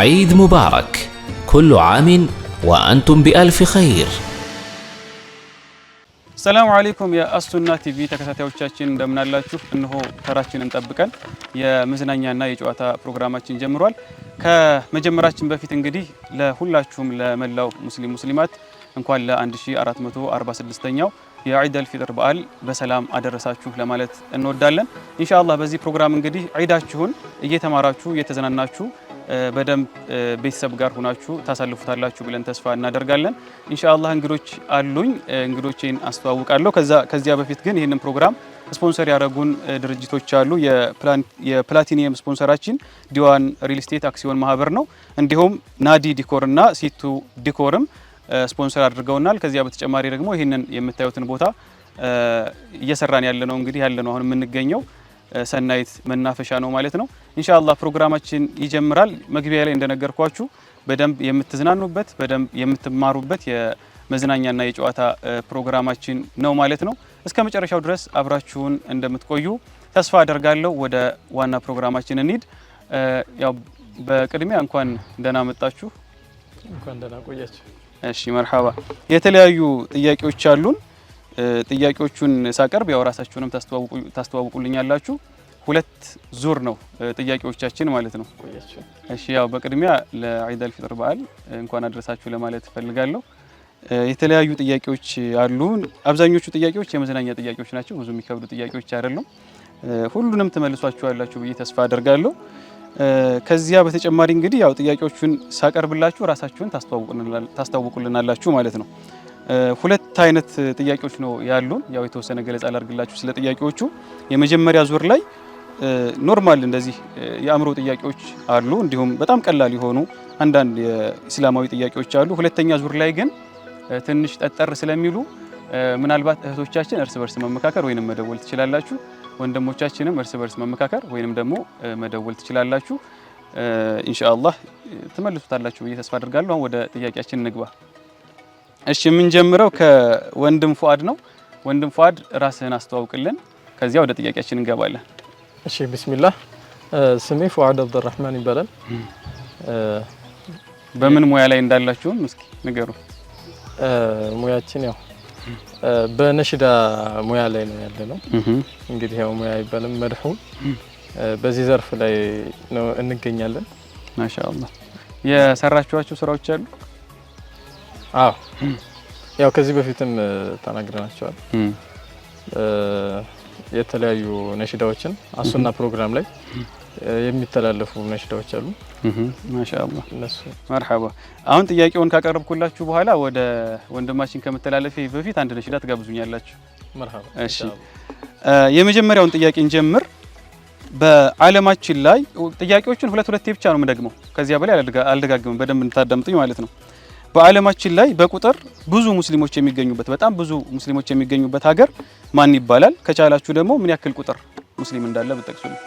عيد مبارك كل عام وأنتم بألف خير ሰላሙ አሌይኩም የአሱና ቲቪ ተከታታዮቻችን እንደምናላችሁ። እንሆ ተራችንን ጠብቀን የመዝናኛና የጨዋታ ፕሮግራማችን ጀምሯል። ከመጀመራችን በፊት እንግዲህ ለሁላችሁም ለመላው ሙስሊም ሙስሊማት እንኳን ለ1446ኛው የዒድ አልፊጥር በዓል በሰላም አደረሳችሁ ለማለት እንወዳለን። ኢንሻአላህ በዚህ ፕሮግራም እንግዲህ ዒዳችሁን እየተማራችሁ እየተዝናናችሁ በደንብ ቤተሰብ ጋር ሆናችሁ ታሳልፉታላችሁ ብለን ተስፋ እናደርጋለን። ኢንሻአላህ እንግዶች አሉኝ፣ እንግዶቼን አስተዋውቃለሁ። ከዚያ በፊት ግን ይህንን ፕሮግራም ስፖንሰር ያደረጉን ድርጅቶች አሉ። የፕላቲኒየም ስፖንሰራችን ዲዋን ሪል ስቴት አክሲዮን ማህበር ነው። እንዲሁም ናዲ ዲኮር እና ሲቱ ዲኮርም ስፖንሰር አድርገውናል። ከዚያ በተጨማሪ ደግሞ ይህንን የምታዩትን ቦታ እየሰራን ያለነው እንግዲህ ያለነው አሁን የምንገኘው ሰናይት መናፈሻ ነው ማለት ነው። ኢንሻአላህ ፕሮግራማችን ይጀምራል። መግቢያ ላይ እንደነገርኳችሁ በደንብ የምትዝናኑበት በደንብ የምትማሩበት የመዝናኛና የጨዋታ ፕሮግራማችን ነው ማለት ነው። እስከ መጨረሻው ድረስ አብራችሁን እንደምትቆዩ ተስፋ አደርጋለሁ። ወደ ዋና ፕሮግራማችን እንሂድ። ያው በቅድሚያ እንኳን ደህና መጣችሁ፣ እንኳን ደህና ቆያችሁ። እሺ መርሃባ። የተለያዩ ጥያቄዎች አሉን ጥያቄዎቹን ሳቀርብ ያው ራሳችሁንም ታስተዋውቁልኛላችሁ። ሁለት ዙር ነው ጥያቄዎቻችን ማለት ነው። እሺ ያው በቅድሚያ ለዒድ አልፊጥር በዓል እንኳን አድረሳችሁ ለማለት እፈልጋለሁ። የተለያዩ ጥያቄዎች አሉ። አብዛኞቹ ጥያቄዎች የመዝናኛ ጥያቄዎች ናቸው። ብዙ የሚከብዱ ጥያቄዎች አይደሉም። ሁሉንም ትመልሷችኋላችሁ ብዬ ተስፋ አደርጋለሁ። ከዚያ በተጨማሪ እንግዲህ ያው ጥያቄዎቹን ሳቀርብላችሁ ራሳችሁን ታስተዋውቁልናላችሁ ማለት ነው። ሁለት አይነት ጥያቄዎች ነው ያሉን። ያው የተወሰነ ገለጻ ላድርግላችሁ ስለ ጥያቄዎቹ። የመጀመሪያ ዙር ላይ ኖርማል እንደዚህ የአእምሮ ጥያቄዎች አሉ፣ እንዲሁም በጣም ቀላል የሆኑ አንዳንድ የእስላማዊ ጥያቄዎች አሉ። ሁለተኛ ዙር ላይ ግን ትንሽ ጠጠር ስለሚሉ ምናልባት እህቶቻችን እርስ በርስ መመካከር ወይንም መደወል ትችላላችሁ። ወንድሞቻችንም እርስ በርስ መመካከር ወይንም ደግሞ መደወል ትችላላችሁ። ኢንሻአላህ ትመልሱታላችሁ ብዬ ተስፋ አድርጋለሁ። አሁን ወደ ጥያቄያችን እንግባ። እሺ የምንጀምረው ከወንድም ፉአድ ነው። ወንድም ፉአድ ራስህን አስተዋውቅልን፣ ከዚያ ወደ ጥያቄያችን እንገባለን። እሺ ቢስሚላህ። ስሜ ፉአድ አብዱራህማን ይባላል። በምን ሙያ ላይ እንዳላችሁም እስኪ ንገሩ። ሙያችን ያው በነሽዳ ሙያ ላይ ነው ያለ ነው። እንግዲህ ያው ሙያ አይባልም መድሁ በዚህ ዘርፍ ላይ ነው እንገኛለን። ማሻአላህ የሰራችኋቸው ስራዎች አሉ? አዎ ያው ከዚህ በፊትም ተናግረናቸዋል። የተለያዩ ነሽዳዎችን አሱና ፕሮግራም ላይ የሚተላለፉ ነሽዳዎች አሉ። ማሻአላ እነሱ መርሓባ። አሁን ጥያቄውን ካቀረብኩላችሁ በኋላ ወደ ወንድማችን ከመተላለፌ በፊት አንድ ነሽዳ ትጋብዙኛላችሁ። እሺ፣ የመጀመሪያውን ጥያቄ እንጀምር። በዓለማችን ላይ ጥያቄዎችን ሁለት ሁለቴ ብቻ ነው የምደግመው፣ ከዚያ በላይ አልደጋግምም። በደንብ እንታዳምጡኝ ማለት ነው። በዓለማችን ላይ በቁጥር ብዙ ሙስሊሞች የሚገኙበት በጣም ብዙ ሙስሊሞች የሚገኙበት ሀገር ማን ይባላል? ከቻላችሁ ደግሞ ምን ያክል ቁጥር ሙስሊም እንዳለ ብትጠቅሱ ነው።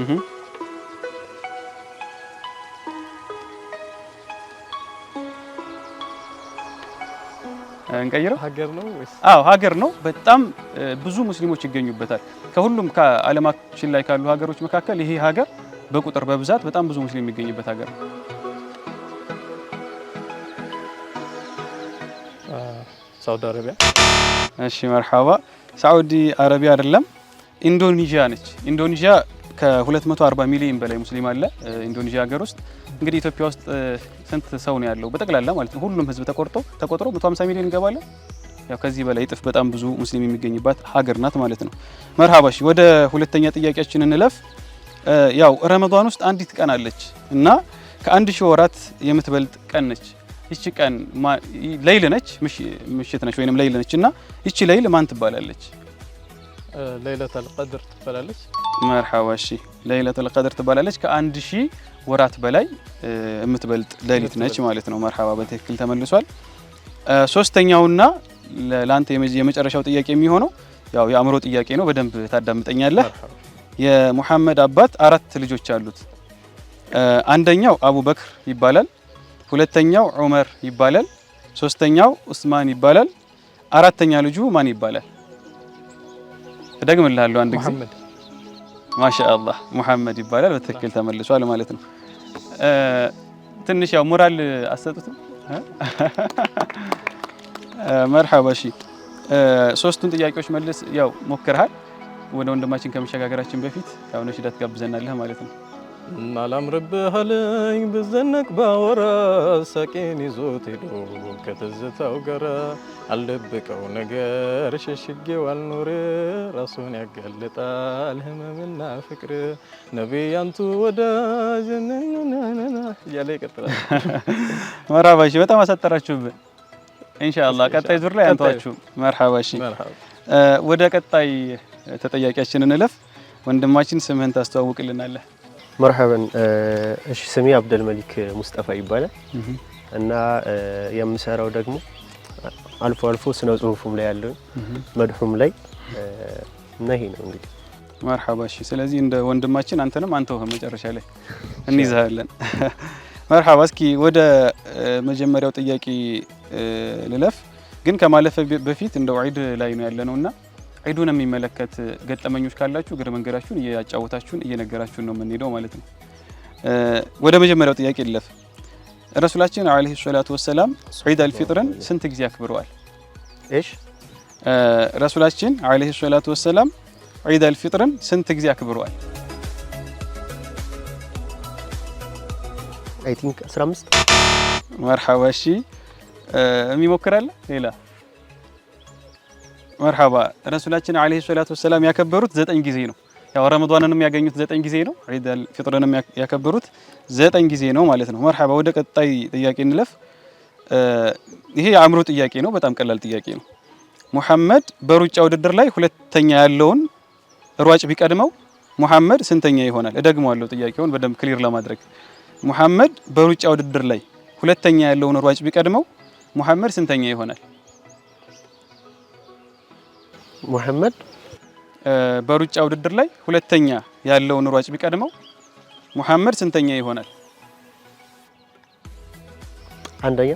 እህ እንቀይረው ሀገር ነው ወይስ? አዎ ሀገር ነው። በጣም ብዙ ሙስሊሞች ይገኙበታል። ከሁሉም ከዓለማችን ላይ ካሉ ሀገሮች መካከል ይሄ ሀገር በቁጥር በብዛት በጣም ብዙ ሙስሊም የሚገኝበት ሀገር ነው። ሳውዲ አረቢያ። እሺ መርሐባ። ሳውዲ አረቢያ አይደለም፣ ኢንዶኔዥያ ነች። ኢንዶኔዥያ ከ240 ሚሊዮን በላይ ሙስሊም አለ ኢንዶኔዥያ ሀገር ውስጥ እንግዲህ ኢትዮጵያ ውስጥ ስንት ሰው ነው ያለው? በጠቅላላ ማለት ነው ሁሉም ህዝብ ተቆርጦ ተቆጥሮ 150 ሚሊዮን እንገባለን። ያው ከዚህ በላይ እጥፍ በጣም ብዙ ሙስሊም የሚገኝባት ሀገር ናት ማለት ነው። መርሃባሽ ወደ ሁለተኛ ጥያቄያችን እንለፍ። ያው ረመዷን ውስጥ አንዲት ቀን አለች እና ከአንድ ሺህ ወራት የምትበልጥ ቀን ነች። ይቺ ቀን ለይል ነች፣ ምሽት ነች ወይንም ለይል ነች እና ይቺ ለይል ማን ትባላለች? ለይለተል ቀድር ትባላለች። መርሐባ እሺ፣ ለይለተል ቀድር ትባላለች። ከአንድ ሺህ ወራት በላይ የምትበልጥ ሌሊት ነች ማለት ነው። መርሐባ በትክክል ተመልሷል። ሶስተኛውና ለአንተ የመጨረሻው ጥያቄ የሚሆነው ያው የአእምሮ ጥያቄ ነው። በደንብ ታዳምጠኛለህ። የሙሐመድ አባት አራት ልጆች አሉት። አንደኛው አቡበክር ይባላል። ሁለተኛው ዑመር ይባላል። ሶስተኛው ኡስማን ይባላል። አራተኛ ልጁ ማን ይባላል? እደግምልሃለሁ አንድ ጊዜ ማሻአላህ ሙሐመድ ይባላል። በትክክል ተመልሷል ማለት ነው። ትንሽ ያው ሞራል አሰጡትም። መርሐባ። እሺ ሶስቱን ጥያቄዎች መልስ ያው ሞክርሃል። ወደ ወንድማችን ከመሸጋገራችን በፊት ያው ነሽዳ ትጋብዘናለህ ማለት ነው። አላምርብህ አለኝ ብዘነቅ ባወራ ሳቄን ይዞት ሄዶ ከትዝታው ጋራ አልደብቀው ነገር ሸሽጌው አልኖር ራሱን ያጋልጣል ህመምና ፍቅር ነቢያንቱ ወዳጅ እያለ ይቀጥላል። መርሃባሺ በጣም አሳጠራችሁብን። ኢንሻአላህ ቀጣይ ዙር ላይ አንተዋችሁ። መርሃባሺ ወደ ቀጣይ ተጠያቂያችን እንለፍ። ወንድማችን ስምህን ታስተዋውቅልናለህ? መርሐበን። እሺ ስሜ አብደል መሊክ ሙስጠፋ ይባላል እና የምሰራው ደግሞ አልፎ አልፎ ስነ ጽሁፉም ላይ ያለውን መድሁም ላይ እና ይሄ ነው እንግዲህ መርሐባ። እሺ ስለዚህ እንደ ወንድማችን አንተንም አንተው መጨረሻ ላይ እንይዛለን። መርሐባ። እስኪ ወደ መጀመሪያው ጥያቄ ልለፍ፣ ግን ከማለፈ በፊት እንደው ዒድ ላይ ነው ያለነውና ዒዱን የሚመለከት ገጠመኞች ካላችሁ እግረ መንገዳችሁን እያጫወታችሁን እየነገራችሁን ነው የምንሄደው ማለት ነው። ወደ መጀመሪያው ጥያቄ ይለፍ። ረሱላችን ዓለይሂ ሰላቱ ወሰላም ዒድ አልፊጥርን ስንት ጊዜ አክብረዋል? እሺ ረሱላችን ዓለይሂ ሰላቱ ወሰላም ዒድ አልፊጥርን ስንት ጊዜ አክብረዋል? አይ ቲንክ 15 መርሐባ። እሺ የሚሞክራል ሌላ መርሐባ ረሱላችን ዓለይሂ ሰላቱ ወሰላም ያከበሩት ዘጠኝ ጊዜ ነው። ያው ረመዷንንም ያገኙት ዘጠኝ ጊዜ ነው። ዒድ አልፊጥርንም ያከበሩት ዘጠኝ ጊዜ ነው ማለት ነው። መርሐባ ወደ ቀጣይ ጥያቄ እንለፍ። ይሄ የአእምሮ ጥያቄ ነው። በጣም ቀላል ጥያቄ ነው። ሙሐመድ በሩጫ ውድድር ላይ ሁለተኛ ያለውን ሯጭ ቢቀድመው ሙሐመድ ስንተኛ ይሆናል? እደግመዋለሁ ጥያቄውን በደንብ ክሊር ለማድረግ ሙሐመድ በሩጫ ውድድር ላይ ሁለተኛ ያለውን ሯጭ ቢቀድመው ሙሐመድ ስንተኛ ይሆናል? ሙሐመድ በሩጫ ውድድር ላይ ሁለተኛ ያለውን ሯጭ ቢቀድመው ሙሐመድ ስንተኛ ይሆናል? አንደኛ።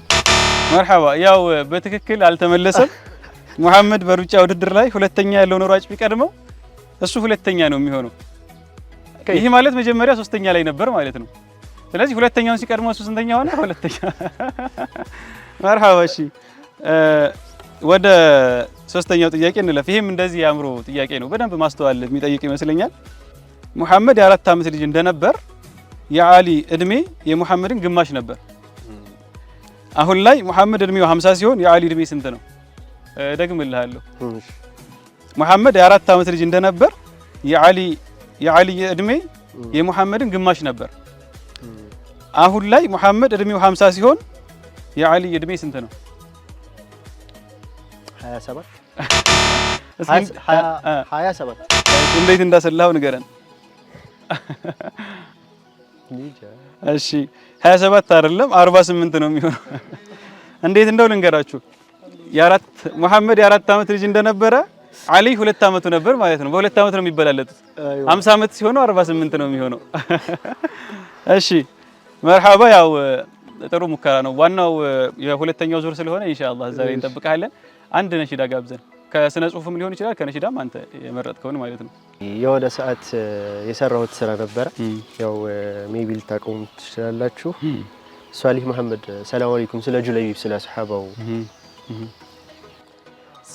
መርሐባ። ያው በትክክል አልተመለሰም። ሙሐመድ በሩጫ ውድድር ላይ ሁለተኛ ያለውን ሯጭ ቢቀድመው እሱ ሁለተኛ ነው የሚሆነው። ይህ ማለት መጀመሪያ ሶስተኛ ላይ ነበር ማለት ነው። ስለዚህ ሁለተኛውን ሲቀድመው እሱ ስንተኛ ሆነ? ሁለተኛ። መርሐባ። እሺ ወደ ሶስተኛው ጥያቄ እንለፍ። ይህም እንደዚህ የአእምሮ ጥያቄ ነው፣ በደንብ ማስተዋል የሚጠይቅ ይመስለኛል። ሙሐመድ የአራት ዓመት ልጅ እንደነበር የአሊ እድሜ የሙሐመድን ግማሽ ነበር። አሁን ላይ ሙሐመድ እድሜው 50 ሲሆን የአሊ እድሜ ስንት ነው? እደግምልሃለሁ። ሙሐመድ የአራት ዓመት ልጅ እንደነበር የአሊ የአሊ እድሜ የሙሐመድን ግማሽ ነበር። አሁን ላይ ሙሐመድ እድሜው 50 ሲሆን የአሊ እድሜ ስንት ነው? እንዴት እንዳሰላው ንገረን። እሺ 27 አይደለም 48 ነው የሚሆነው። እንዴት እንደው ልንገራችሁ። የአራት መሐመድ የአራት ዓመት ልጅ እንደነበረ አሊ ሁለት ዓመቱ ነበር ማለት ነው። በሁለት ዓመት ነው የሚበላለጡት። 50 ዓመት ሲሆነው 48 ነው የሚሆነው። እሺ መርሐባ ያው ጥሩ ሙከራ ነው። ዋናው የሁለተኛው ዙር ስለሆነ ኢንሻአላህ እዛ ላይ እንጠብቃለን። አንድ ነሺዳ ጋብዘን ከስነ ጽሁፍም ሊሆን ይችላል ከነሺዳም አንተ የመረጥከውን ማለት ነው። የሆነ ሰዓት የሰራሁት ስራ ነበረ። ያው ሜቢ ታቆም ትችላላችሁ። ሷሊህ መሐመድ ሰላም አለይኩም ስለ ጁለይብ ስለ ሰሐባው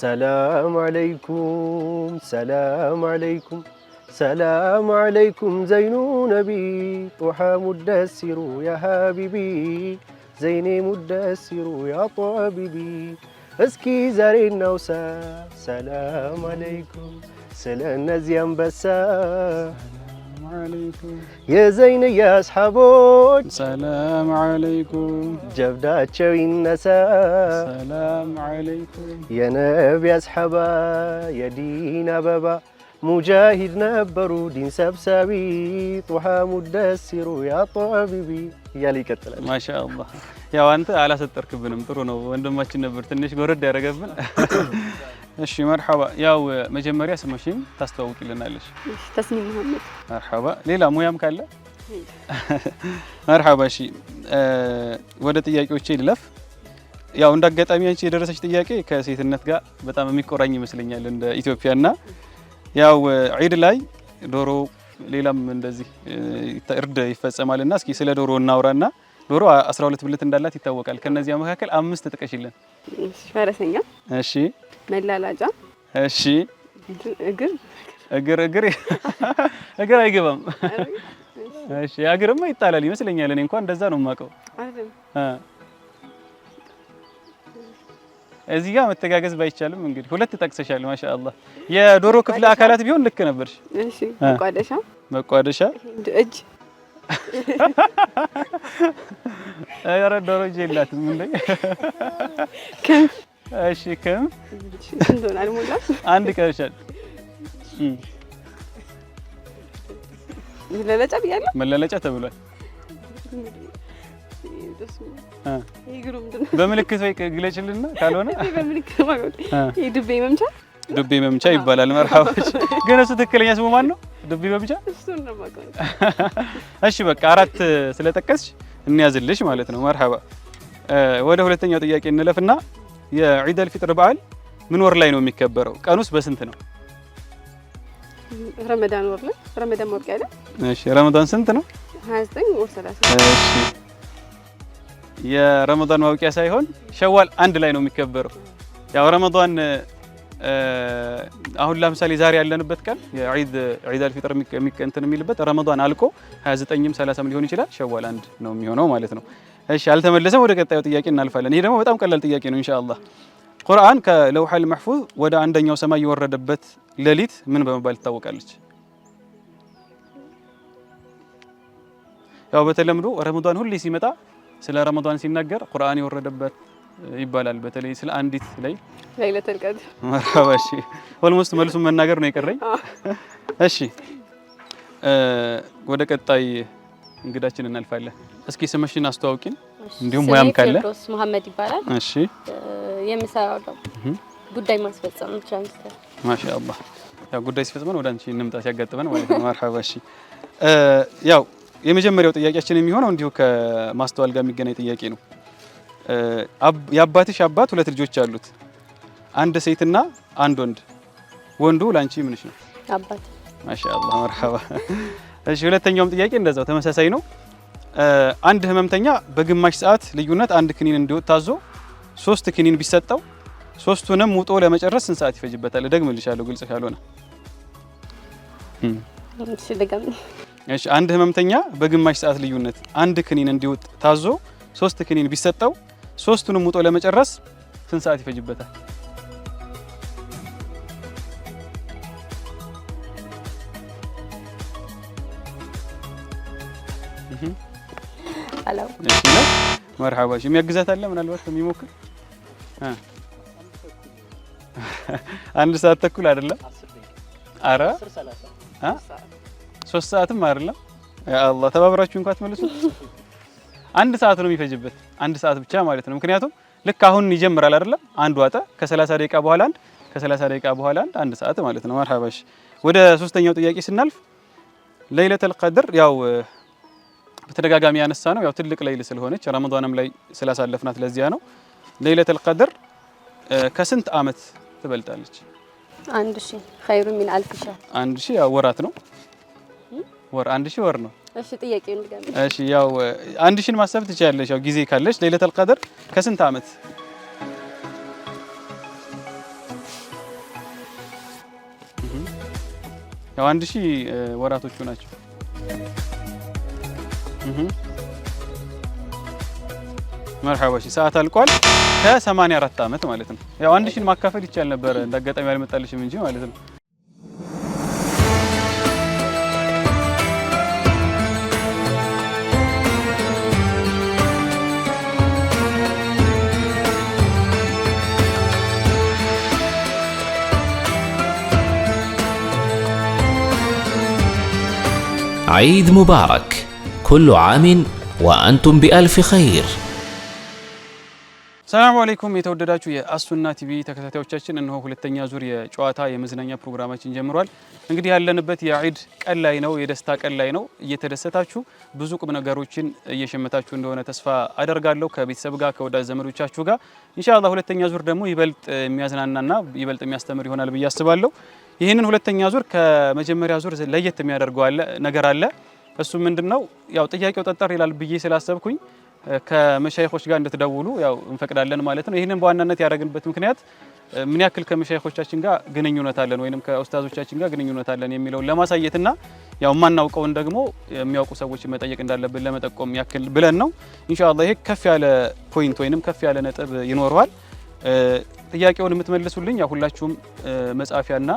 ሰላም አለይኩም ሰላም አለይኩም سلام عليكم زين نبي طحى مدسر يا حبيبي زيني مدسر يا طبيبي اسكي زاري النوسة سلام عليكم سلام نزيان سلام عليكم يا زين يا سلام اصحابوች ሰላም አለይኩም سلام عليكم يا نبي اصحابا يا دينا بابا ሙጃሂድ ነበሩ ዲን ሰብሳቢ ጡሃ ሙደሲሩ ያ ጠቢቢ እያለ ይቀጥላል። ማሻአላህ ያው አንተ አላሰጠርክብንም፣ ጥሩ ነው ወንድማችን ነበር ትንሽ ጎረድ ያደረገብን። እሺ መርሐባ። ያው መጀመሪያ ስምሽን ታስተዋውቂልናለሽ? ተስኒም መሐመድ። መርሐባ። ሌላ ሙያም ካለ መርሐባ። እሺ ወደ ጥያቄዎቼ ልለፍ። ያው እንዳጋጣሚ አንቺ የደረሰች ጥያቄ ከሴትነት ጋር በጣም የሚቆራኝ ይመስለኛል እንደ ኢትዮጵያና ያው ዒድ ላይ ዶሮ ሌላም እንደዚህ እርድ እና እስኪ ስለ ዶሮ እናውራና ዶሮ 12 ብልት እንዳላት ይታወቃል። ከነዚያ መካከል አምስት ጥቀሽልን። ፈረሰኛ፣ እሺ፣ መላላጫ፣ እሺ፣ እግር እግር እግር እግር አይገባም። እሺ፣ እግርማ ይጣላል ይመስለኛል። እኔ እንኳን እንደዛ ነው የማውቀው። እዚህ ጋር መተጋገዝ ባይቻልም እንግዲህ ሁለት ጠቅሰሻል። ማሻአላህ የዶሮ ክፍለ አካላት ቢሆን ልክ ነበርሽ። እሺ መቋደሻ መቋደሻ እጅ ኧረ ዶሮ እጅ የላትም እንዴ? ክንፍ እሺ ክንፍ አንድ ቀርሻል። መለለጫ ብያለሁ። መለለጫ ተብሏል። በምልክት ወይ ግለጭልና ካልሆነ ዱቤ መምቻ ዱቤ መምቻ ይባላል። መርሃቦች ግን እሱ ትክክለኛ ስሙ ማን ነው? ዱቤ መምቻ። እሺ በቃ አራት ስለጠቀስሽ እንያዝልሽ ማለት ነው። መርሃባ። ወደ ሁለተኛው ጥያቄ እንለፍና የዒደል ፊጥር በዓል ምን ወር ላይ ነው የሚከበረው? ቀኑስ በስንት ነው? ረመዳን ወር ላይ። ረመዳን ማብቂያ ላይ። እሺ ረመዳን ስንት ነው? 29 ወር 30። እሺ የረመዳን ማብቂያ ሳይሆን ሸዋል አንድ ላይ ነው የሚከበረው። ያው ረመዳን አሁን ለምሳሌ ዛሬ ያለንበት ቀን የዒድ ዒድ አልፊጥር እንትን የሚልበት ረመዳን አልቆ 29ም 30ም ሊሆን ይችላል። ሸዋል አንድ ነው የሚሆነው ማለት ነው። እሺ አልተመለሰም። ወደ ቀጣዩ ጥያቄ እናልፋለን። ይሄ ደግሞ በጣም ቀላል ጥያቄ ነው ኢንሻአላህ። ቁርአን ከለውሐል መሕፉዝ ወደ አንደኛው ሰማይ የወረደበት ሌሊት ምን በመባል ትታወቃለች? ያው በተለምዶ ረመዳን ሁሌ ሲመጣ ስለ ረመዷን ሲናገር ቁርአን የወረደበት ይባላል። በተለይ ስለ አንዲት ላይ ለይለተል ቀድር መራባሽ ኦልሞስት መልሱን መናገር ነው የቀረኝ። እሺ ወደ ቀጣይ እንግዳችን እናልፋለን። እስኪ ስምሽን አስተዋውቂን፣ እንዲሁም ሙያም ካለ። ቴዎድሮስ መሀመድ ይባላል። እሺ የምሰራው ጉዳይ ማስፈጸም ይችላል። ማሻአላህ ያ ጉዳይ ሲፈጽመን ወደ አንቺ እንምጣ ሲያጋጥመን ማለት ነው። መርሐባ። እሺ ያው የመጀመሪያው ጥያቄያችን የሚሆነው እንዲሁ ከማስተዋል ጋር የሚገናኝ ጥያቄ ነው። የአባትሽ አባት ሁለት ልጆች አሉት፣ አንድ ሴትና አንድ ወንድ። ወንዱ ላንቺ ምንሽ ነው? አባት። ማሻአላህ መርሃባ። እሺ፣ ሁለተኛውም ጥያቄ እንደዛው ተመሳሳይ ነው። አንድ ህመምተኛ በግማሽ ሰዓት ልዩነት አንድ ክኒን እንዲወጥ ታዞ ሶስት ክኒን ቢሰጠው ሶስቱንም ውጦ ለመጨረስ ስንት ሰዓት ይፈጅበታል? ደግምልሻለሁ፣ ግልጽ ካልሆነ እሺ አንድ ህመምተኛ በግማሽ ሰዓት ልዩነት አንድ ክኒን እንዲውጥ ታዞ ሶስት ክኒን ቢሰጠው ሶስቱንም ውጦ ለመጨረስ ስንት ሰዓት ይፈጅበታል? የሚያግዛት አለ ምናልባት የሚሞክር አንድ ሰዓት ተኩል አይደለም። አረ ሶስት ሰዓትም አይደለም። አላህ ተባብራችሁ እንኳን አትመልሱ። አንድ ሰዓት ነው የሚፈጅበት፣ አንድ ሰዓት ብቻ ማለት ነው። ምክንያቱም ልክ አሁን ይጀምራል አይደለም? አንድ ዋጠ ከ30 ደቂቃ በኋላ አንድ ከ30 ደቂቃ በኋላ አንድ አንድ ሰዓት ማለት ነው። መርሐባሽ። ወደ ሶስተኛው ጥያቄ ስናልፍ ለይለተል ቀድር ያው በተደጋጋሚ ያነሳ ነው። ያው ትልቅ ለይል ስለሆነች ረመዳንም ላይ ስላሳለፍናት ለዚያ ነው። ለይለተል ቀድር ከስንት አመት ትበልጣለች? አንድ ሺህ ኸይሩ ሚን አልፍ ሻህር። አንድ ሺህ ያው ወራት ነው ወር አንድ ሺህ ወር ነው። እሺ ጥያቄውን ልጋብዝ። እሺ ያው አንድ ሺህን ማሰብ ትችያለሽ፣ ያው ጊዜ ካለሽ። ለይለተል ቀድር ከስንት አመት ያው አንድ ሺህ ወራቶቹ ናቸው። መርሐባ እሺ፣ ሰዓት አልቋል። ከ84 ዓመት ማለት ነው። ያው አንድ ሺህን ማካፈል ይቻል ነበር፣ እንዳጋጣሚ አልመጣልሽም እንጂ ማለት ነው። عيد مبارك كل عام وأنتم بألف خير ሰላም አለይኩም የተወደዳችሁ የአሱና ቲቪ ተከታታዮቻችን፣ እነሆ ሁለተኛ ዙር የጨዋታ የመዝናኛ ፕሮግራማችን ጀምሯል። እንግዲህ ያለንበት የዒድ ቀን ላይ ነው፣ የደስታ ቀን ላይ ነው። እየተደሰታችሁ ብዙ ቁም ነገሮችን እየሸመታችሁ እንደሆነ ተስፋ አደርጋለሁ ከቤተሰብ ጋር ከወዳጅ ዘመዶቻችሁ ጋር ኢንሻአላህ። ሁለተኛ ዙር ደግሞ ይበልጥ የሚያዝናናና ይበልጥ የሚያስተምር ይሆናል ብዬ አስባለሁ። ይህንን ሁለተኛ ዙር ከመጀመሪያ ዙር ለየት የሚያደርገው ነገር አለ። እሱ ምንድነው? ያው ጥያቄው ጠጠር ይላል ብዬ ስላሰብኩኝ ከመሻይኮች ጋር እንድትደውሉ ያው እንፈቅዳለን ማለት ነው። ይህንን በዋናነት ያደረግንበት ምክንያት ምን ያክል ከመሻይኮቻችን ጋር ግንኙነት አለን ወይንም ከኡስታዞቻችን ጋር ግንኙነት አለን የሚለውን ለማሳየትና ያው የማናውቀውን ደግሞ የሚያውቁ ሰዎች መጠየቅ እንዳለብን ለመጠቆም ያክል ብለን ነው። ኢንሻአላህ ይሄ ከፍ ያለ ፖይንት ወይንም ከፍ ያለ ነጥብ ይኖረዋል። ጥያቄውን የምትመልሱልኝ ያው ሁላችሁም መጻፊያና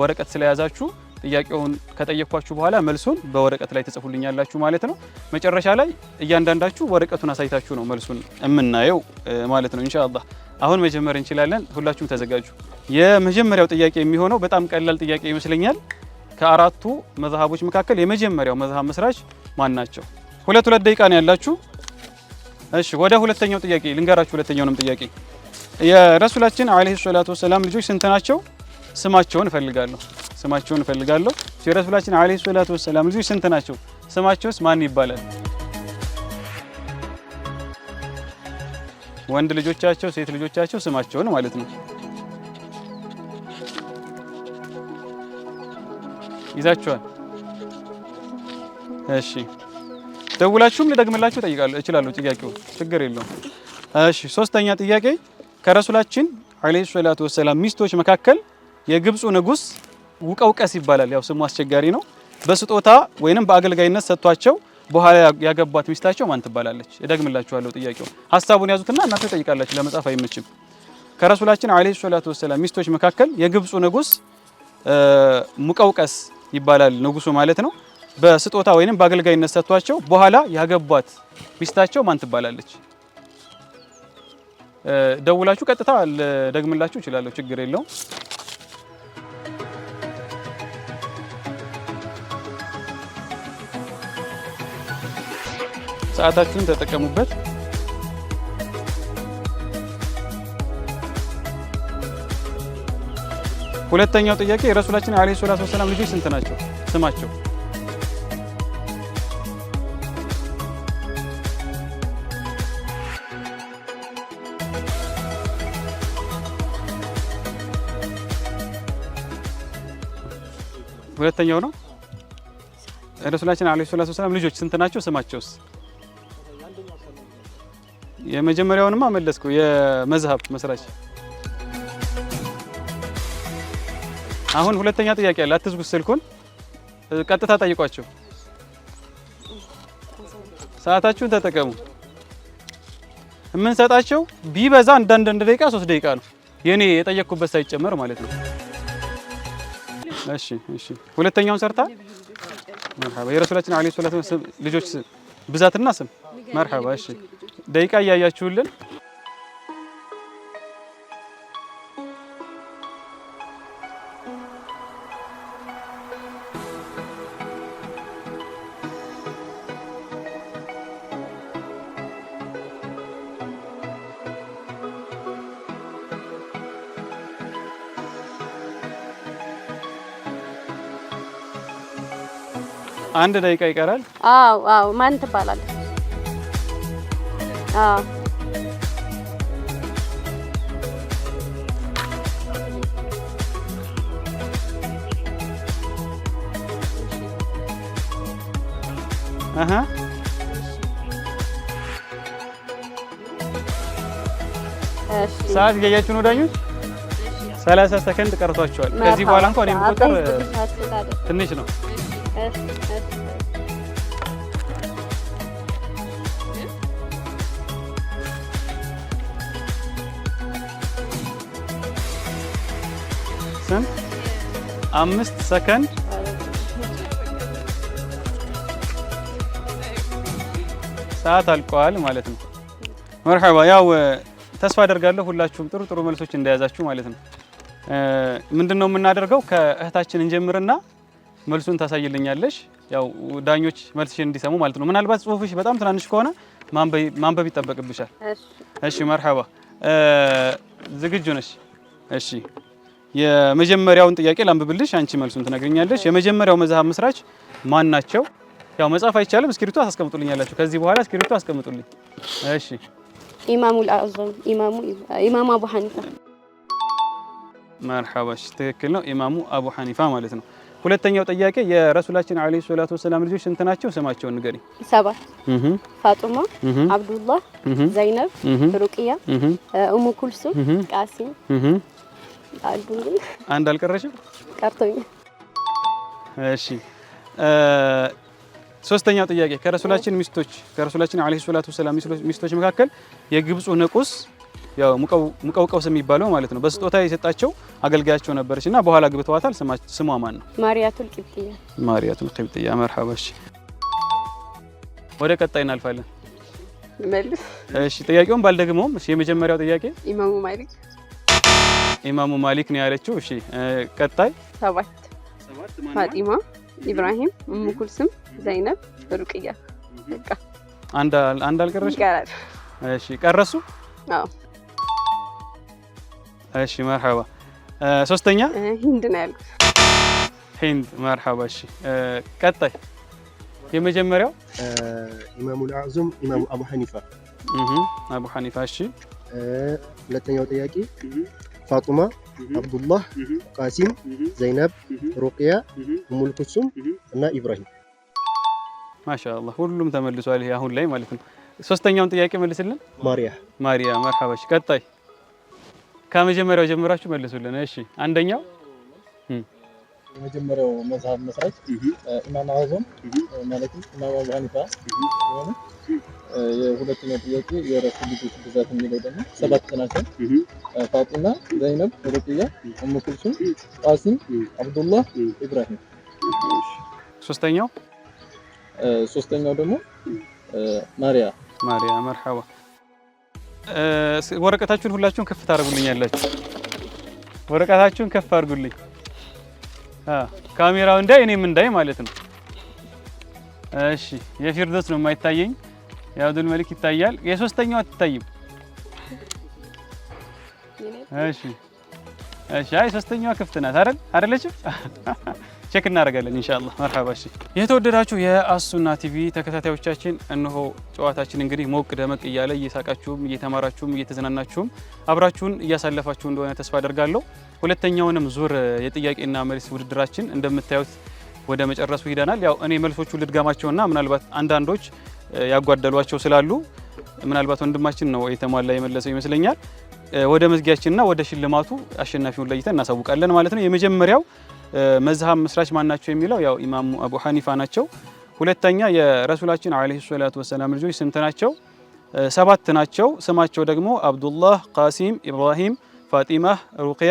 ወረቀት ስለያዛችሁ ጥያቄውን ከጠየኳችሁ በኋላ መልሱን በወረቀት ላይ ተጽፉልኛላችሁ ማለት ነው። መጨረሻ ላይ እያንዳንዳችሁ ወረቀቱን አሳይታችሁ ነው መልሱን የምናየው ማለት ነው። ኢንሻአላህ አሁን መጀመር እንችላለን። ሁላችሁም ተዘጋጁ። የመጀመሪያው ጥያቄ የሚሆነው በጣም ቀላል ጥያቄ ይመስለኛል። ከአራቱ መዝሃቦች መካከል የመጀመሪያው መዝሃብ መስራች ማን ናቸው? ሁለት ሁለት ደቂቃ ነው ያላችሁ። እሺ ወደ ሁለተኛው ጥያቄ ልንገራችሁ። ሁለተኛውንም ጥያቄ የረሱላችን አለይሂ ሰላቱ ወሰላም ልጆች ስንት ናቸው? ስማቸውን እፈልጋለሁ። ስማቸውን እፈልጋለሁ። ረሱላችን አለ ሰላቱ ወሰላም ልጆች ስንት ናቸው? ስማቸውስ ማን ይባላል? ወንድ ልጆቻቸው፣ ሴት ልጆቻቸው ስማቸውን ማለት ነው። ይዛችኋል? እሺ። ደውላችሁም ልደግምላችሁ እጠይቃለሁ እችላለሁ። ጥያቄው ችግር የለውም። እሺ፣ ሶስተኛ ጥያቄ ከረሱላችን ዓለይሂ ሰላቱ ወሰላም ሚስቶች መካከል የግብፁ ንጉስ ውቀውቀስ ይባላል። ያው ስሙ አስቸጋሪ ነው። በስጦታ ወይንም በአገልጋይነት ሰጥቷቸው በኋላ ያገቧት ሚስታቸው ማን ትባላለች? እደግምላችኋለሁ ጥያቄው። ሀሳቡን ያዙትና እናንተ ጠይቃላችሁ፣ ለመጻፍ አይመችም። ከረሱላችን አለይሂ ሰላቱ ወሰላም ሚስቶች መካከል የግብፁ ንጉስ ሙቀውቀስ ይባላል ንጉሱ ማለት ነው። በስጦታ ወይንም በአገልጋይነት ሰጥቷቸው በኋላ ያገቧት ሚስታቸው ማን ትባላለች? ደውላችሁ ቀጥታ ደግምላችሁ እችላለሁ፣ ችግር የለውም። ሰዓታችሁን ተጠቀሙበት። ሁለተኛው ጥያቄ የረሱላችን አለይሂ ሰላቱ ወሰላም ልጆች ስንት ናቸው? ስማቸው ሁለተኛው ነው። ረሱላችን አለይሂ ሰላቱ ወሰላም ልጆች ስንት ናቸው? ስማቸውስ የመጀመሪያውንማ መለስኩ። የመዝሀብ መስራች። አሁን ሁለተኛ ጥያቄ አለ። አትዝጉት ስልኩን፣ ቀጥታ ጠይቋቸው። ሰዓታችሁን ተጠቀሙ። የምንሰጣቸው ቢበዛ አንዳንድ አንድ ደቂቃ ሶስት ደቂቃ ነው፣ የኔ የጠየቅኩበት ሳይጨመር ማለት ነው። እሺ እሺ። ሁለተኛውን ሰርታ መርሐባ የረሱላችን አለይሂ ሰላቱ ልጆች ብዛትና ስም መርሐባ። እሺ ደቂቃ እያያችሁልን አንድ ደቂቃ ይቀራል። አዎ አዎ። ማን ትባላለች? Oo. Aha. ሰዓት እያያችሁ ነው ዳኞች። ሰላሳ ሰከንድ ቀርቷቸዋል። ከዚህ በኋላ እንኳን የቁጥር ትንሽ ነው። አምስት ሰከንድ ሰዓት አልቋል ማለት ነው። መርሐባ ያው ተስፋ አደርጋለሁ ሁላችሁም ጥሩ ጥሩ መልሶች እንደያዛችሁ ማለት ነው። ምንድነው የምናደርገው? ከእህታችን እንጀምርና መልሱን ታሳይልኛለሽ። ያው ዳኞች መልስሽን እንዲሰሙ ማለት ነው። ምናልባት ጽሁፍሽ በጣም ትናንሽ ከሆነ ማንበብ ይጠበቅብሻል። እሺ፣ መርሐባ ዝግጁ ነሽ? እሺ የመጀመሪያውን ጥያቄ ላንብብልሽ፣ አንቺ መልሱን ትነግርኛለሽ። የመጀመሪያው መጽሐፍ መስራች ማን ናቸው? ያው መጽሐፍ አይቻልም። እስክሪብቶ አስቀምጡልኛላችሁ። ከዚህ በኋላ እስክሪብቶ አስቀምጡልኝ። እሺ። ኢማሙል አዕዘም ኢማሙ ኢማሙ አቡ ሐኒፋ። መርሐባሽ፣ ትክክል ነው። ኢማሙ አቡ ሐኒፋ ማለት ነው። ሁለተኛው ጥያቄ የረሱላችን አለይሂ ሰላቱ ወሰላም ልጆች ስንት ናቸው? ስማቸውን ንገሪ። ሰባት ፋጡማ፣ አብዱላህ፣ ዘይነብ፣ ሩቅያ፣ ኡሙ ኩልሱም፣ ቃሲም አንዱን አንድ አልቀረሽም ቀርቶኝ። እሺ ሶስተኛው ጥያቄ ከረሱላችን ሚስቶች ከረሱላችን አለይሂ ሰላቱ ወሰላም ሚስቶች መካከል የግብፁ ንቁስ ያው ሙቀውቀውስ የሚባለው ማለት ነው በስጦታ የሰጣቸው አገልጋያቸው ነበረች እና በኋላ ግብተዋታል። ስሟ ማን ነው? ማርያቱል ቂብጥያ። ማርያቱል ቂብጥያ እሺ ወደ ቀጣይ እናልፋለን። መልስ። እሺ ጥያቄውን ባልደግመውም የመጀመሪያው ጥያቄ ኢማሙ ማሊክ ኢማሙ ማሊክ ነው ያለችው። እሺ ቀጣይ ሰባት ፋጢማ፣ ኢብራሂም፣ ኡሙ ኩልስም፣ ዘይነብ፣ ሩቅያ በቃ አንድ አልቀረሽ? እሺ ቀረሱ? እሺ መርሐባ። ሶስተኛ ሂንድ ነው ያልኩት። ሂንድ መርሐባ። እሺ ቀጣይ የመጀመሪያው ኢማሙል አዕዙም ኢማሙ አቡ ሐኒፋ አቡ ሐኒፋ። እሺ ሁለተኛው ጥያቄ ፋጡማ፣ አብዱላህ፣ ቃሲም፣ ዘይነብ፣ ሩቅያ፣ ሙልኩሱም እና ኢብራሂም። ማሻአላህ ሁሉም ተመልሷል። ይሄ አሁን ላይ ማለት ነው። ሶስተኛውን ጥያቄ መልስልን። ማሪያ ማሪያ መርሐባሽ። ቀጣይ ከመጀመሪያው ጀምራችሁ መልሱልን። እሺ አንደኛው የመጀመሪያው መጽሐፍ መስራች ኢማም አዘም ማለትም ኢማም አቡ ሀኒፋ ሲሆኑ የሁለተኛው ጥያቄ የረሱ ልጆች ብዛት የሚለው ደግሞ ሰባት ናቸው። ፋጢማ፣ ዘይነብ፣ ሩቅያ፣ ኡሙ ኩልሱም፣ ቃሲም፣ አብዱላህ፣ ኢብራሂም። ሶስተኛው ሶስተኛው ደግሞ ማሪያ ማሪያ። መርሐባ። ወረቀታችሁን ሁላችሁን ከፍ ታደርጉልኛላችሁ። ወረቀታችሁን ከፍ አድርጉልኝ። ካሜራው እንዳይ እኔም እንዳይ ማለት ነው። እሺ የፊርደውስ ነው የማይታየኝ፣ የአብዱል መልክ ይታያል። የሶስተኛው አትታይም። እሺ እሺ። አይ ሶስተኛዋ ክፍት ናት አይደል? አይደለችም ቼክ እናደርጋለን ኢንሻአላህ። መርሐባ። እሺ የተወደዳችሁ የአሱና ቲቪ ተከታታዮቻችን እነሆ ጨዋታችን እንግዲህ ሞቅ ደመቅ እያለ እየሳቃችሁም እየተማራችሁም እየተዝናናችሁም አብራችሁን እያሳለፋችሁ እንደሆነ ተስፋ አደርጋለሁ። ሁለተኛውንም ዙር የጥያቄና መልስ ውድድራችን እንደምታዩት ወደ መጨረሱ ሂደናል። ያው እኔ መልሶቹ ልድጋማቸውና ምናልባት አንዳንዶች ያጓደሏቸው ስላሉ ምናልባት ወንድማችን ነው የተሟላ የመለሰው ይመስለኛል። ወደ መዝጊያችንና ወደ ሽልማቱ አሸናፊውን ለይተን እናሳውቃለን ማለት ነው። የመጀመሪያው መዝሃብ መስራች ማን ናቸው የሚለው ያው ኢማሙ አቡ ሐኒፋ ናቸው። ሁለተኛ የረሱላችን አለይሂ ሰላቱ ወሰላም ልጆች ስንት ናቸው? ሰባት ናቸው። ስማቸው ደግሞ አብዱላህ፣ ቃሲም፣ ኢብራሂም፣ ፋጢማ፣ ሩቅያ፣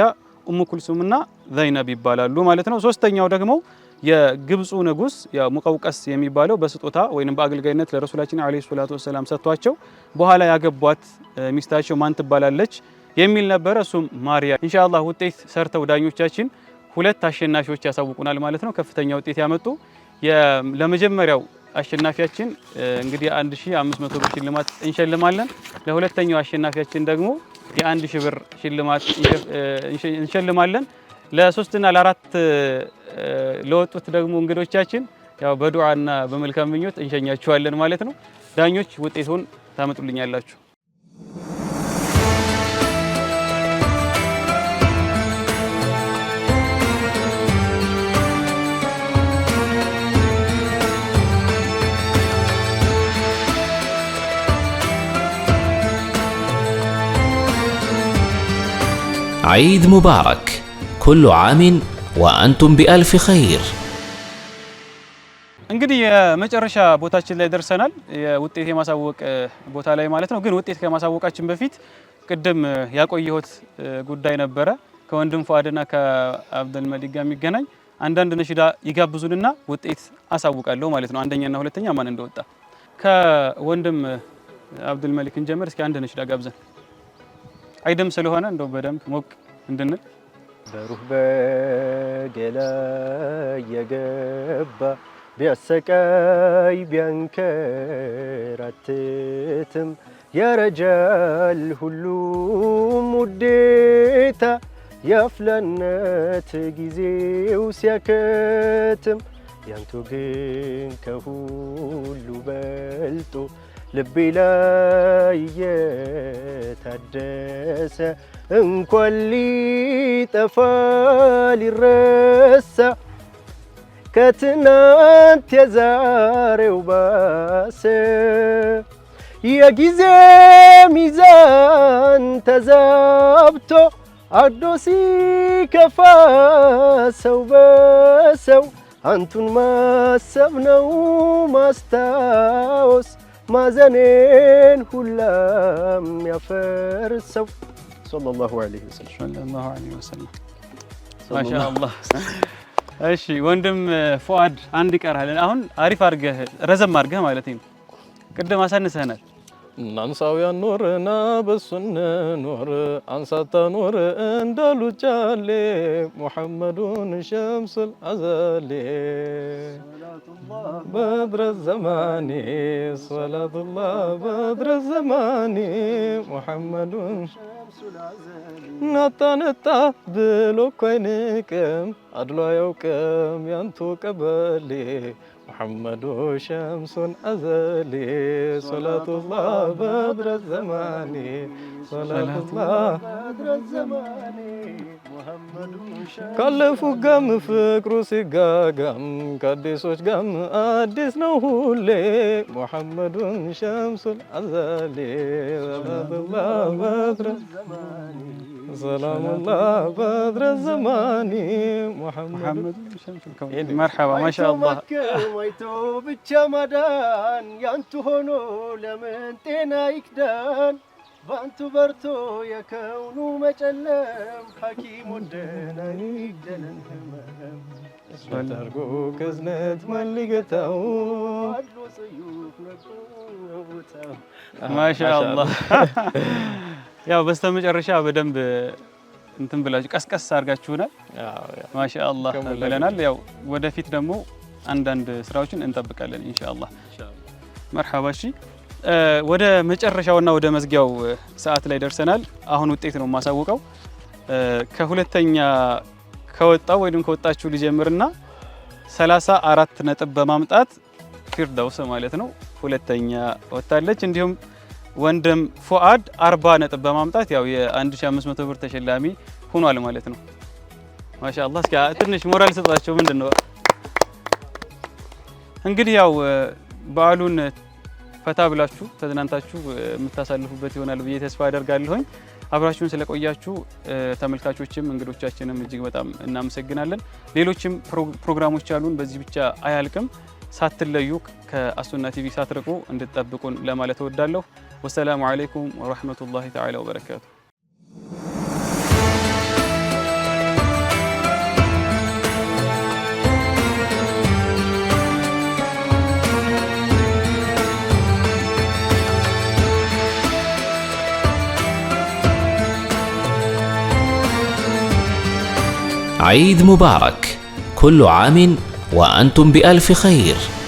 ኡሙ ኩልሱምና ዘይነብ ይባላሉ ማለት ነው። ሶስተኛው ደግሞ የግብፁ ንጉስ ሙቀውቀስ የሚባለው በስጦታ ወይም በአገልጋይነት ለረሱላችን አለይሂ ሰላቱ ወሰላም ሰጥቷቸው በኋላ ያገቧት ሚስታቸው ማን ትባላለች የሚል ነበረ። እሱም ማርያ። ኢንሻአላህ ውጤት ሰርተው ዳኞቻችን ሁለት አሸናፊዎች ያሳውቁናል ማለት ነው። ከፍተኛ ውጤት ያመጡ ለመጀመሪያው አሸናፊያችን እንግዲህ 1500 ብር ሽልማት እንሸልማለን። ለሁለተኛው አሸናፊያችን ደግሞ የ1000 ብር ሽልማት እንሸልማለን። ለሶስትና ለአራት ለወጡት ደግሞ እንግዶቻችን ያው በዱዓና በመልካም ምኞት እንሸኛችኋለን ማለት ነው። ዳኞች ውጤቱን ታመጡልኛላችሁ። عيد مبارك ኩሉ ዓሚን ወአንቱም ቢአልፍ ኸይር። እንግዲህ የመጨረሻ ቦታችን ላይ ደርሰናል፣ ውጤት የማሳወቅ ቦታ ላይ ማለት ነው። ግን ውጤት ከማሳወቃችን በፊት ቅድም ያቆየሁት ጉዳይ ነበረ። ከወንድም ፉአድና ከአብደልመሊክ ጋር የሚገናኝ አንዳንድ ነሽዳ ይጋብዙንና ውጤት አሳውቃለሁ ማለት ነው። አንደኛና ሁለተኛ ማን እንደወጣ ከወንድም አብደልመሊክ እንጀምር። እስኪ አንድ ነሽዳ ጋብዘን አይደም ስለሆነ እንደው በደንብ ሞቅ እንድንል በሩህ በጌ የገባ ቢያሰቃይ ቢያንከራትትም ያረጃል ሁሉም ውዴታ የአፍላነት ጊዜው ሲያከትም ያንቱ ግን ከሁሉ በልጦ ልቤ ላይ የታደሰ እንኳን ሊጠፋ ሊረሳ ከትናንት የዛሬው ባሰ የጊዜ ሚዛን ተዛብቶ አዶ ሲከፋ ሰው በሰው አንቱን ማሰብ ነው ማስታወስ ማዘኔን ሁላም ያፈርሰው ሰለላሁ ዐለይሂ ወሰለም። ማሻአላህ። እሺ ወንድም ፉአድ አንድ ይቀርሃል። አሁን አሪፍ አድርገህ ረዘም አድርገህ ማለት ነው። ቅድም አሳንሰህናል። እናንሳው ያኖረና በሱነ ኖር አንሳታ ኖር እንዳሉ ጫሌ ሙሐመዱን ሸምስል አዘሌ በድረ ዘማኒ ሰላቱላ በድረ ዘማኒ ሙሐመዱን ናጣነጣ ብሎ እኮ አድሎ አያውቅም ያንቱ ቀበሌ ሙሐመዱ ሸምሱን አዘሊ ሶላቱላ በድረት ዘማኒ ካለፉት ጋም ፍቅሩ ሲጋጋም ከአዲሶች ጋም አዲስ ነው ሁሌ ሙሐመዱን ሸምሱን አዘሊ ሶላቱላ በድረት ዘማኒ سلام الله بدر الزماني محمد محمد مرحبا ما شاء الله ويتو بالجمدان يانتو هونو لمن تينا يكدان በአንቱ በርቶ የከውኑ መጨለም ሐኪሙ ደና ይደለን ህመም አድርጎ ከዝነት መልገታው አሉ ያው በስተመጨረሻ በደንብ እንትን ብላችሁ ቀስቀስ አድርጋችሁናል። ማሻአላህ ብለናል። ያው ወደፊት ደግሞ አንዳንድ ስራዎችን እንጠብቃለን ኢንሻአላህ። መርሐባ። እሺ፣ ወደ መጨረሻውና ወደ መዝጊያው ሰዓት ላይ ደርሰናል። አሁን ውጤት ነው የማሳውቀው። ከሁለተኛ ከወጣው ወይም ከወጣችሁ ልጀምርና ሰላሳ አራት ነጥብ በማምጣት ፊርዳውስ ማለት ነው ሁለተኛ ወጣለች። እንዲሁም ወንድም ፉአድ 40 ነጥብ በማምጣት ያው የ1500 ብር ተሸላሚ ሆኗል ማለት ነው። ማሻአላህ እስኪ ትንሽ ሞራል ሰጣቸው። ምንድን ነው እንግዲህ ያው በዓሉን ፈታ ብላችሁ ተዝናንታችሁ የምታሳልፉበት ይሆናል ብዬ ተስፋ አደርጋለሁኝ። አብራችሁን ስለቆያችሁ ተመልካቾችም እንግዶቻችንም እጅግ በጣም እናመሰግናለን። ሌሎችም ፕሮግራሞች አሉን፣ በዚህ ብቻ አያልቅም። ሳትለዩ ከአሱና ቲቪ ሳትርቁ እንድትጠብቁን ለማለት እወዳለሁ። والسلام عليكم ورحمة الله تعالى وبركاته عيد مبارك كل عام وأنتم بألف خير